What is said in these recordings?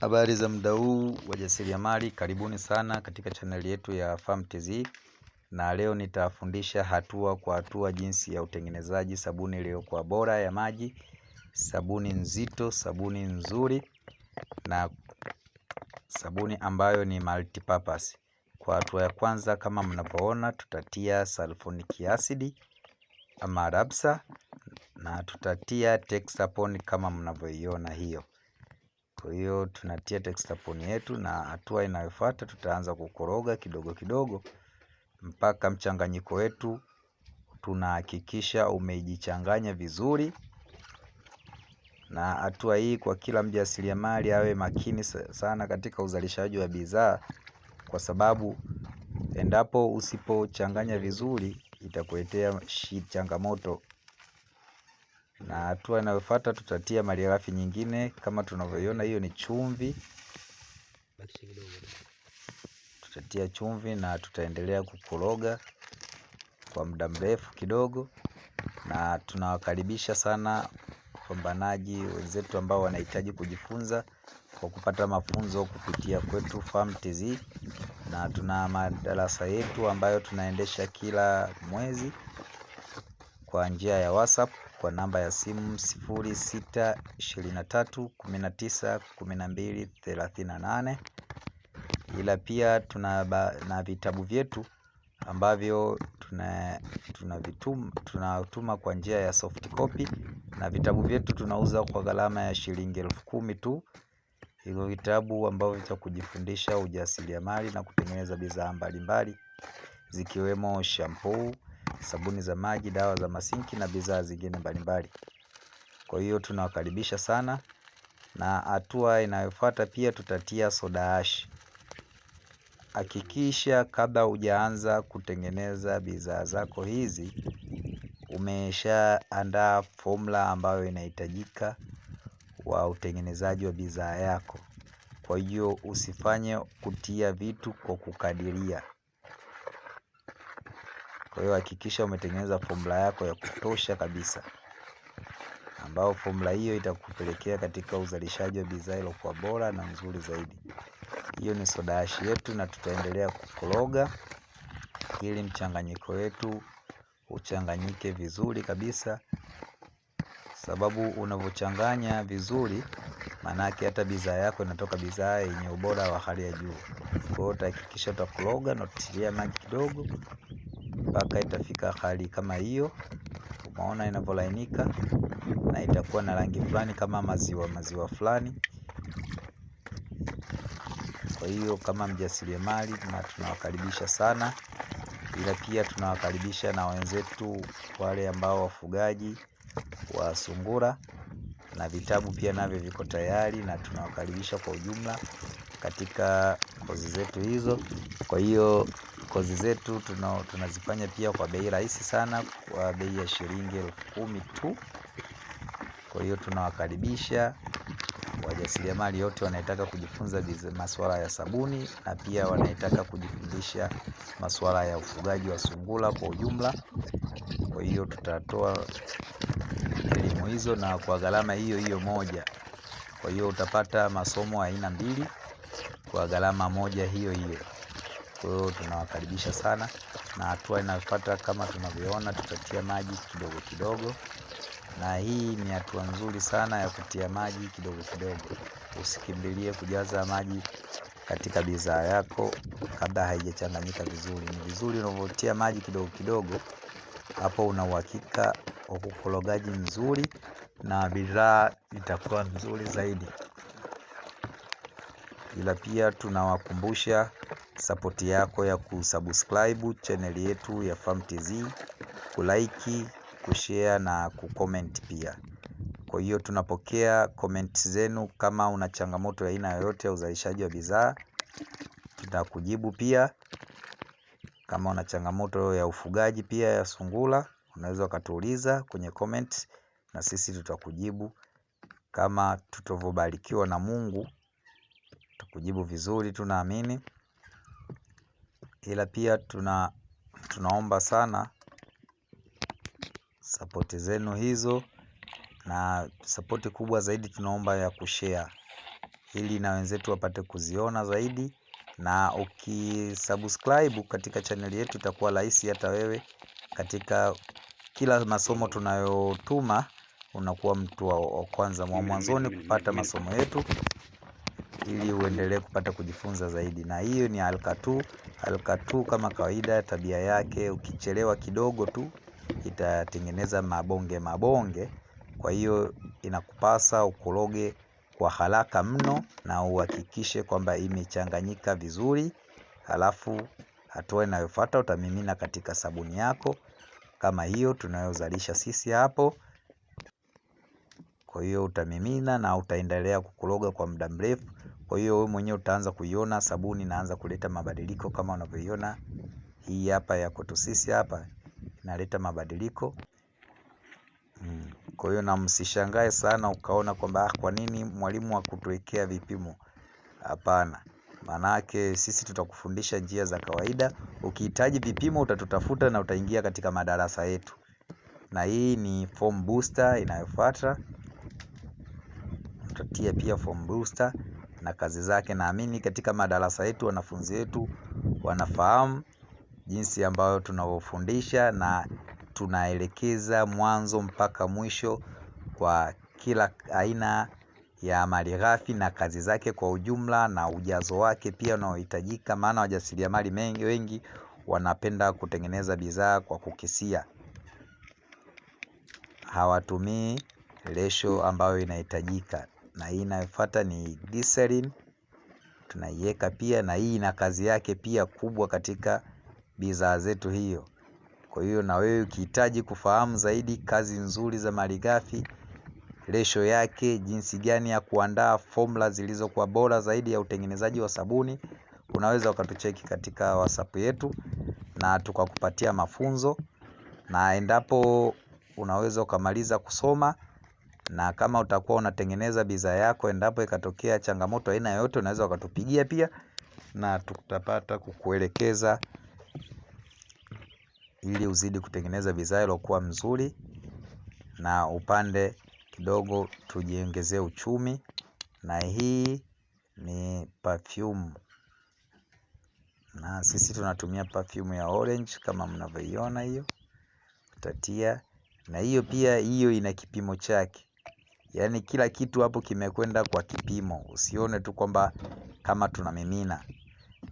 Habari za muda huu wajasiriamali, karibuni sana katika chaneli yetu ya Farm TZ, na leo nitafundisha hatua kwa hatua jinsi ya utengenezaji sabuni iliyokuwa bora ya maji, sabuni nzito, sabuni nzuri na sabuni ambayo ni multipurpose. Kwa hatua ya kwanza, kama mnavyoona, tutatia sulfonic acid ama Rapsa na tutatia Texapon kama mnavyoiona hiyo kwa hiyo tunatia textapon yetu na hatua inayofuata tutaanza kukoroga kidogo kidogo mpaka mchanganyiko wetu tunahakikisha umejichanganya vizuri. Na hatua hii kwa kila mjasiriamali awe makini sana katika uzalishaji wa bidhaa kwa sababu endapo usipochanganya vizuri itakuletea changamoto na hatua inayofuata tutatia malighafi nyingine kama tunavyoiona, hiyo ni chumvi. Tutatia chumvi na tutaendelea kukoroga kwa muda mrefu kidogo, na tunawakaribisha sana wapambanaji wenzetu ambao wanahitaji kujifunza kwa kupata mafunzo kupitia kwetu Farm TZ, na tuna madarasa yetu ambayo tunaendesha kila mwezi kwa njia ya WhatsApp kwa namba ya simu 0623191238 ila pia tuna na vitabu vyetu ambavyo tunavituma tuna tunatuma kwa njia ya soft copy na vitabu vyetu tunauza kwa gharama ya shilingi elfu kumi tu hivyo vitabu ambavyo vya kujifundisha ujasiriamali na kutengeneza bidhaa mbalimbali zikiwemo shampoo sabuni za maji, dawa za masinki na bidhaa zingine mbalimbali. Kwa hiyo tunawakaribisha sana, na hatua inayofuata pia tutatia soda ash. Hakikisha kabla hujaanza kutengeneza bidhaa zako hizi umeshaandaa formula ambayo inahitajika wa utengenezaji wa bidhaa yako. Kwa hiyo usifanye kutia vitu kwa kukadiria. Kwa hiyo hakikisha umetengeneza formula yako ya kutosha kabisa, ambao formula hiyo itakupelekea katika uzalishaji wa bidhaa iliyokuwa bora na nzuri zaidi. Hiyo ni soda ash yetu, na tutaendelea kukoroga ili mchanganyiko wetu uchanganyike vizuri kabisa, sababu unavyochanganya vizuri, maanake hata bidhaa yako inatoka bidhaa yenye ubora wa hali ya juu. Kwa hiyo utahakikisha utakoroga na utilia maji kidogo mpaka itafika hali kama hiyo, umeona inavyolainika, na itakuwa na rangi fulani kama maziwa maziwa fulani. Kwa hiyo kama mjasiriamali na tunawakaribisha sana, ila pia tunawakaribisha na wenzetu wale ambao wafugaji wa sungura, na vitabu pia navyo viko tayari, na tunawakaribisha kwa ujumla katika kozi zetu hizo. Kwa hiyo kozi zetu tunazifanya pia kwa bei rahisi sana, kwa bei ya shilingi elfu kumi tu. Kwa hiyo tunawakaribisha wajasiriamali yote wanaetaka kujifunza masuala ya sabuni na pia wanaetaka kujifundisha masuala ya ufugaji wa sungura kwa ujumla. Kwa hiyo tutatoa elimu hizo na kwa gharama hiyo hiyo moja. Kwa hiyo utapata masomo aina mbili kwa gharama moja hiyo hiyo. Kwa hiyo tunawakaribisha sana, na hatua inayofuata kama tunavyoona, tutatia maji kidogo kidogo, na hii ni hatua nzuri sana ya kutia maji kidogo kidogo. Usikimbilie kujaza maji katika bidhaa yako kabla haijachanganyika vizuri. Ni vizuri unavyotia maji kidogo kidogo, hapo una uhakika wa ukorogaji mzuri na bidhaa itakuwa nzuri zaidi ila pia tunawakumbusha sapoti yako ya kusubscribe chaneli yetu ya Farm tz kulike, kushare na kucomment pia. Kwa hiyo tunapokea comment zenu, kama una changamoto ya aina yoyote ya uzalishaji wa bidhaa tutakujibu pia. Kama una changamoto ya ufugaji pia ya sungura, unaweza ukatuuliza kwenye comment na sisi tutakujibu kama tutavyobarikiwa na Mungu tukujibu vizuri, tunaamini ila pia tuna tunaomba sana sapoti zenu hizo, na sapoti kubwa zaidi tunaomba ya kushare ili na wenzetu wapate kuziona zaidi, na ukisubscribe katika chaneli yetu itakuwa rahisi hata wewe katika kila masomo tunayotuma unakuwa mtu wa kwanza mwanzoni kupata masomo yetu ili uendelee kupata kujifunza zaidi. Na hiyo ni halkatu, halkatu kama kawaida tabia yake ukichelewa kidogo tu itatengeneza mabonge mabonge. Kwa hiyo inakupasa ukoroge kwa haraka mno na uhakikishe kwamba imechanganyika vizuri. Halafu hatua inayofuata utamimina katika sabuni yako kama hiyo tunayozalisha sisi hapo. Kwa hiyo utamimina na utaendelea kukoroga kwa muda mrefu. Kwa hiyo wewe mwenyewe utaanza kuiona sabuni inaanza kuleta mabadiliko kama unavyoiona hii hapa ya kwetu sisi hapa inaleta mabadiliko mm. Kwa hiyo na msishangae sana ukaona kwamba ah, kwa nini mwalimu hakutuwekea vipimo. Hapana, maanake sisi tutakufundisha njia za kawaida. Ukihitaji vipimo utatutafuta na utaingia katika madarasa yetu, na hii ni form booster inayofuata, utatia pia form booster na kazi zake. Naamini katika madarasa yetu wanafunzi wetu wanafahamu jinsi ambayo tunavyofundisha na tunaelekeza mwanzo mpaka mwisho kwa kila aina ya malighafi na kazi zake kwa ujumla na ujazo wake pia unaohitajika, maana wajasiriamali mengi wengi wanapenda kutengeneza bidhaa kwa kukisia, hawatumii resho ambayo inahitajika na hii inayofuata ni glycerin tunaiweka pia, na hii ina kazi yake pia kubwa katika bidhaa zetu hiyo. Kwa hiyo na wewe ukihitaji kufahamu zaidi kazi nzuri za malighafi, resho yake, jinsi gani ya kuandaa formula zilizokuwa bora zaidi ya utengenezaji wa sabuni, unaweza ukatucheki katika WhatsApp yetu na tukakupatia mafunzo, na endapo unaweza ukamaliza kusoma na kama utakuwa unatengeneza bidhaa yako endapo ikatokea changamoto aina yoyote unaweza ukatupigia pia na tutapata kukuelekeza ili uzidi kutengeneza bidhaa iliyokuwa mzuri na upande kidogo tujiongezee uchumi na hii ni perfume na sisi tunatumia perfume ya orange kama mnavyoiona hiyo utatia na hiyo pia hiyo ina kipimo chake Yaani kila kitu hapo kimekwenda kwa kipimo. Usione tu kwamba kama tunamimina.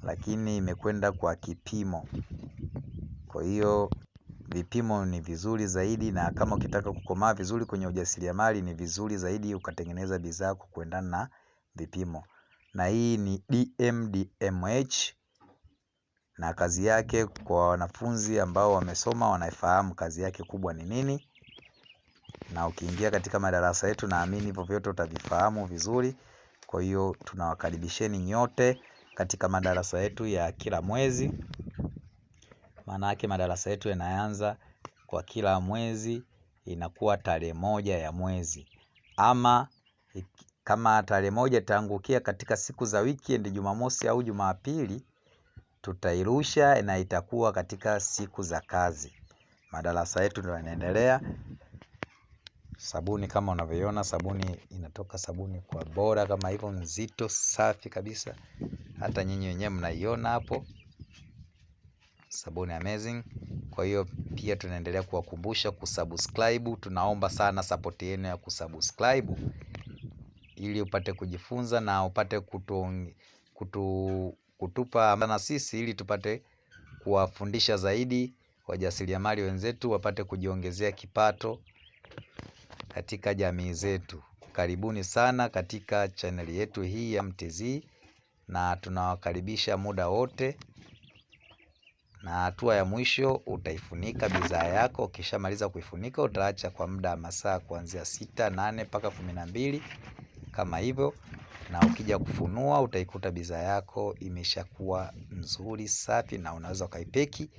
Lakini imekwenda kwa kipimo. Kwa hiyo vipimo ni vizuri zaidi na kama ukitaka kukomaa vizuri kwenye ujasiriamali ni vizuri zaidi ukatengeneza bidhaa kwa kuendana na vipimo. Na hii ni DMDMH na kazi yake kwa wanafunzi ambao wamesoma wanaifahamu kazi yake kubwa ni nini na ukiingia katika madarasa yetu naamini hivyo vyote utavifahamu vizuri. Kwa hiyo tunawakaribisheni nyote katika madarasa yetu ya kila mwezi. Maana yake madarasa yetu yanaanza kwa kila mwezi, inakuwa tarehe moja ya mwezi, ama kama tarehe moja itaangukia katika siku za weekend, Jumamosi au Jumapili, tutairusha na itakuwa katika siku za kazi. Madarasa yetu ndio yanaendelea. Sabuni kama unavyoiona, sabuni inatoka sabuni kwa bora kama hivyo, nzito safi kabisa, hata nyinyi wenyewe mnaiona hapo sabuni amazing. Kwa hiyo pia tunaendelea kuwakumbusha kusubscribe, tunaomba sana support yenu ya kusubscribe ili upate kujifunza na upate kutu, kutu, kutupa na sisi ili tupate kuwafundisha zaidi wajasiriamali wenzetu wapate kujiongezea kipato katika jamii zetu. Karibuni sana katika chaneli yetu hii ya MTZ na tunawakaribisha muda wote, na hatua ya mwisho utaifunika bidhaa yako. Ukishamaliza kuifunika, utaacha kwa muda wa masaa kuanzia sita, nane mpaka kumi na mbili kama hivyo, na ukija kufunua utaikuta bidhaa yako imeshakuwa nzuri safi, na unaweza ukaipeki.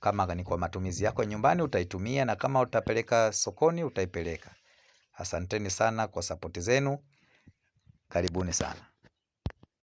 Kama ni kwa matumizi yako nyumbani utaitumia na kama utapeleka sokoni utaipeleka. Asanteni sana kwa sapoti zenu. Karibuni sana.